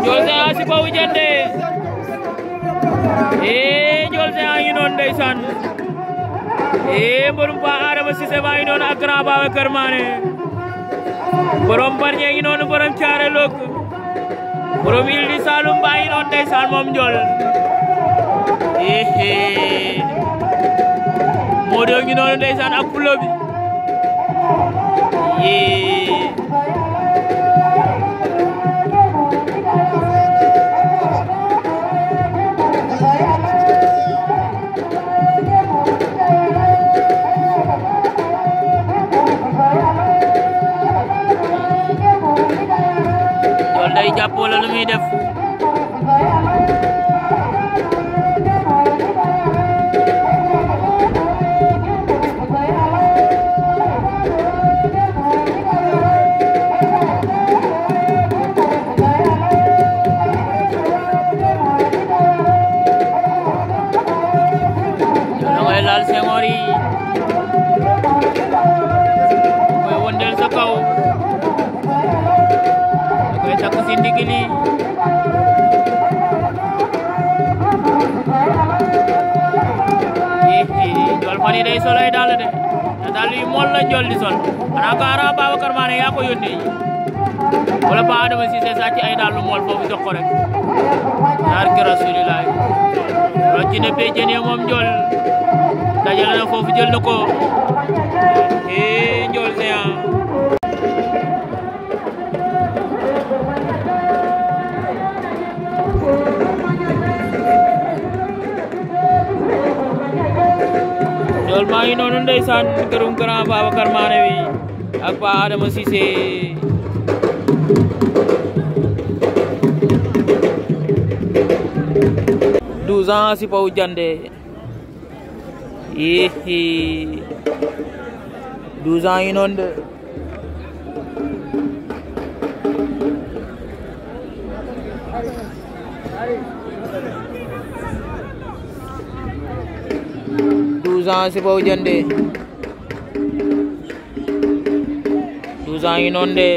Ndiol Géant si kaw ee eh, Ndiol Géant a ngi noonu ndeysaan ee eh, mborum Pa Adama Cissé baa ngi noonu ak Grand Babacar Mané borom Bargny a ngi noonu borom Thiaré Lok borom Île du Saloum baa ngi noonu ndeysaan moom Ndiol ee eh, moo doo ngi noonu ndeysaan ak pulo bi dari Japo lalu hidup. Lal Semori Kau wonder sekau Kau wonder sekau ci ndigg li njool fan yi day soloy daal de te daal yi mool la di sol xanaa ko ara Babacar Mané yaa ko yónnee yi wala ba Adama Cissé sàcc ay daal lu mool foofu jox naar ki rasulilaay loolu ci ne moom njool dajale na foofu jël na ko Ndiol maa ngi noonu ndeysaan kërum grand Babacar Mané wi ak Pa Adama Cissé douze si paw jande yihi douze ans yi noonu de douze ans si de